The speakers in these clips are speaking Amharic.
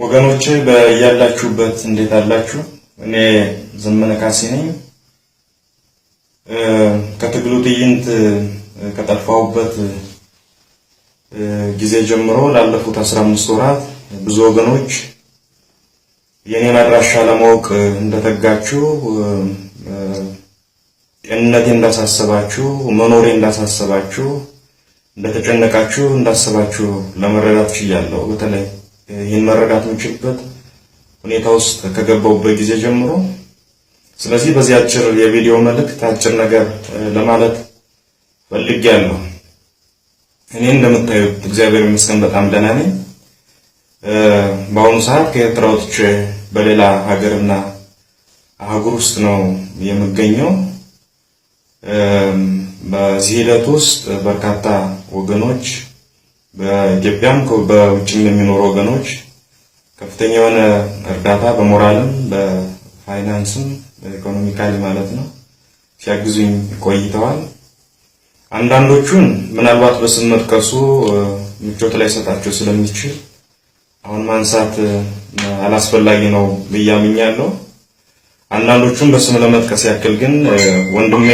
ወገኖቼ በያላችሁበት እንዴት አላችሁ? እኔ ዘመነ ካሴ ነኝ። ከትግሉ ትዕይንት ከጠፋሁበት ጊዜ ጀምሮ ላለፉት 15 ወራት ብዙ ወገኖች የኔን አድራሻ ለማወቅ እንደተጋችሁ፣ ጤንነቴ እንዳሳሰባችሁ፣ መኖሬ እንዳሳሰባችሁ፣ እንደተጨነቃችሁ እንዳሰባችሁ ለመረዳት ችያለሁ በተለይ ይህን መረዳት የምችልበት ሁኔታ ውስጥ ከገባሁበት ጊዜ ጀምሮ ስለዚህ በዚህ አጭር የቪዲዮ መልእክት አጭር ነገር ለማለት ፈልጌያለሁ። እኔ እንደምታዩት እግዚአብሔር ይመስገን በጣም ደህና ነኝ። በአሁኑ ሰዓት ከኤርትራ ወጥቼ በሌላ ሀገርና አህጉር ውስጥ ነው የምገኘው። በዚህ ሂደት ውስጥ በርካታ ወገኖች በኢትዮጵያም በውጭም ለሚኖሩ ወገኖች ከፍተኛ የሆነ እርዳታ በሞራልም በፋይናንስም በኢኮኖሚካሊ ማለት ነው ሲያግዙኝ ቆይተዋል። አንዳንዶቹን ምናልባት በስም መጥቀሱ ምቾት ላይ ሰጣቸው ስለሚችል አሁን ማንሳት አላስፈላጊ ነው ብዬ አምኛለሁ። አንዳንዶቹን በስም ለመጥቀስ ያክል ግን ወንድሜ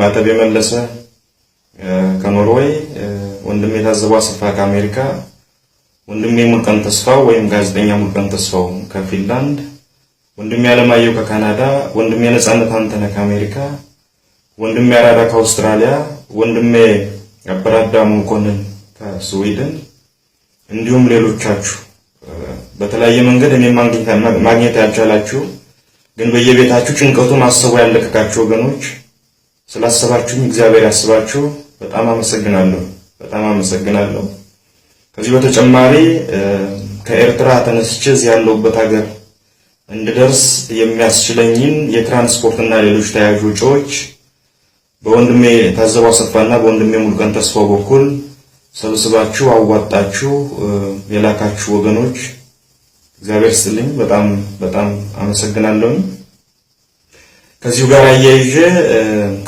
ማተብ የመለሰ ከኖርዌይ ወንድሜ የታዘበው አስፋ ከአሜሪካ፣ ወንድሜ ሙልቀን ተስፋው ወይም ጋዜጠኛ ሙልቀን ተስፋው ከፊንላንድ፣ ወንድሜ አለማየሁ ከካናዳ፣ ወንድሜ የነጻነት አንተነ ከአሜሪካ፣ ወንድሜ ያራዳ ከአውስትራሊያ፣ ወንድሜ አበራዳሙ መኮንን ከስዊድን እንዲሁም ሌሎቻችሁ በተለያየ መንገድ እኔም ማግኘት ያልቻላችሁ ግን በየቤታችሁ ጭንቀቱ ማሰቡ ያለቀቃችሁ ወገኖች ስላሰባችሁኝ እግዚአብሔር ያስባችሁ። በጣም አመሰግናለሁ። በጣም አመሰግናለሁ። ከዚህ በተጨማሪ ከኤርትራ ተነስቼ እዚህ ያለሁበት ሀገር እንድደርስ የሚያስችለኝን የትራንስፖርትና ሌሎች ተያያዥ ወጪዎች በወንድሜ ታዘቡ አሰፋና በወንድሜ ሙሉቀን ተስፋው በኩል ሰብስባችሁ አዋጣችሁ የላካችሁ ወገኖች እግዚአብሔር ስልኝ በጣም በጣም አመሰግናለሁኝ። ከዚሁ ጋር አያይዤ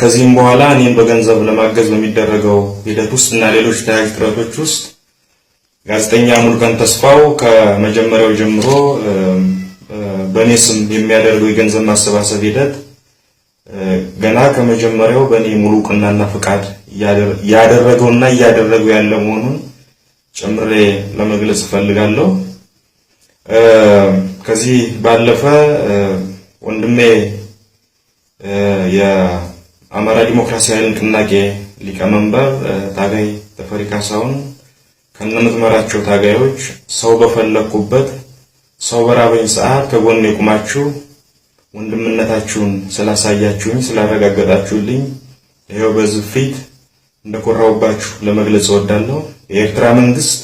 ከዚህም በኋላ እኔም በገንዘብ ለማገዝ በሚደረገው ሂደት ውስጥ እና ሌሎች ተያያዥ ጥረቶች ውስጥ ጋዜጠኛ ሙሉቀን ተስፋው ከመጀመሪያው ጀምሮ በእኔ ስም የሚያደርገው የገንዘብ ማሰባሰብ ሂደት ገና ከመጀመሪያው በእኔ ሙሉ እውቅናና ፈቃድ ያደረገውና እያደረገው ያለ መሆኑን ጨምሬ ለመግለጽ እፈልጋለሁ። ከዚህ ባለፈ ወንድሜ የአማራ ዲሞክራሲያዊ ንቅናቄ ሊቀመንበር ታጋይ ተፈሪ ካሳሁን ከነምትመራቸው ታጋዮች ሰው በፈለግኩበት ሰው በራበኝ ሰዓት ከጎን የቁማችሁ ወንድምነታችሁን ስላሳያችሁኝ ስላረጋገጣችሁልኝ ይኸው በዚህ ፊት እንደኮራውባችሁ ለመግለጽ እወዳለሁ። የኤርትራ መንግስት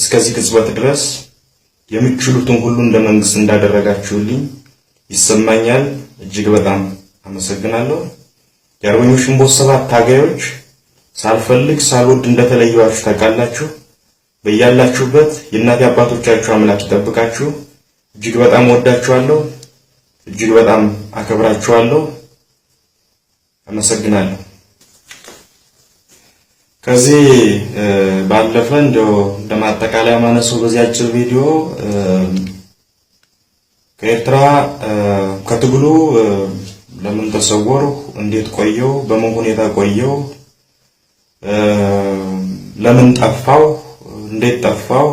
እስከዚህ ቅጽበት ድረስ የምችሉትን ሁሉ እንደ መንግስት እንዳደረጋችሁልኝ ይሰማኛል። እጅግ በጣም አመሰግናለሁ። የአርበኞች ግንቦት ሰባት ታጋዮች ሳልፈልግ ሳልወድ እንደተለየዋችሁ ታውቃላችሁ። በያላችሁበት የእናት አባቶቻችሁ አምላክ ይጠብቃችሁ። እጅግ በጣም ወዳችኋለሁ። እጅግ በጣም አከብራችኋለሁ። አመሰግናለሁ። ከዚህ ባለፈ እንደው እንደማጠቃለያ ማነሰው በዚህ አጭር ቪዲዮ ከኤርትራ ከትግሉ ለምን ተሰወርሁ? እንዴት ቆየው በምን ሁኔታ ቆየው ለምን ጠፋው? እንዴት ጠፋው?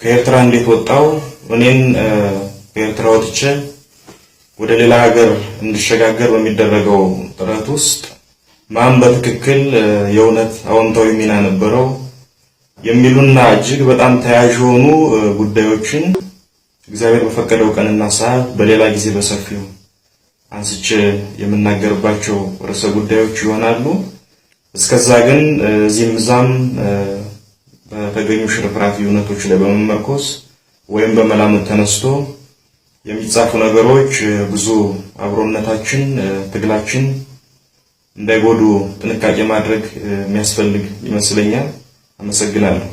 ከኤርትራ እንዴት ወጣው? እኔን ከኤርትራ ወጥቼ ወደ ሌላ ሀገር እንድሸጋገር በሚደረገው ጥረት ውስጥ ማን በትክክል የእውነት አዎንታዊ ሚና ነበረው የሚሉና እጅግ በጣም ተያያዥ የሆኑ ጉዳዮችን እግዚአብሔር በፈቀደው ቀንና ሰዓት በሌላ ጊዜ በሰፊው አንስቼ የምናገርባቸው ርዕሰ ጉዳዮች ይሆናሉ። እስከዛ ግን እዚህም እዛም በተገኙ ሽርፍራፊ እውነቶች ላይ በመመርኮስ ወይም በመላምት ተነስቶ የሚጻፉ ነገሮች ብዙ አብሮነታችን፣ ትግላችን እንዳይጎዱ ጥንቃቄ ማድረግ የሚያስፈልግ ይመስለኛል። አመሰግናለሁ።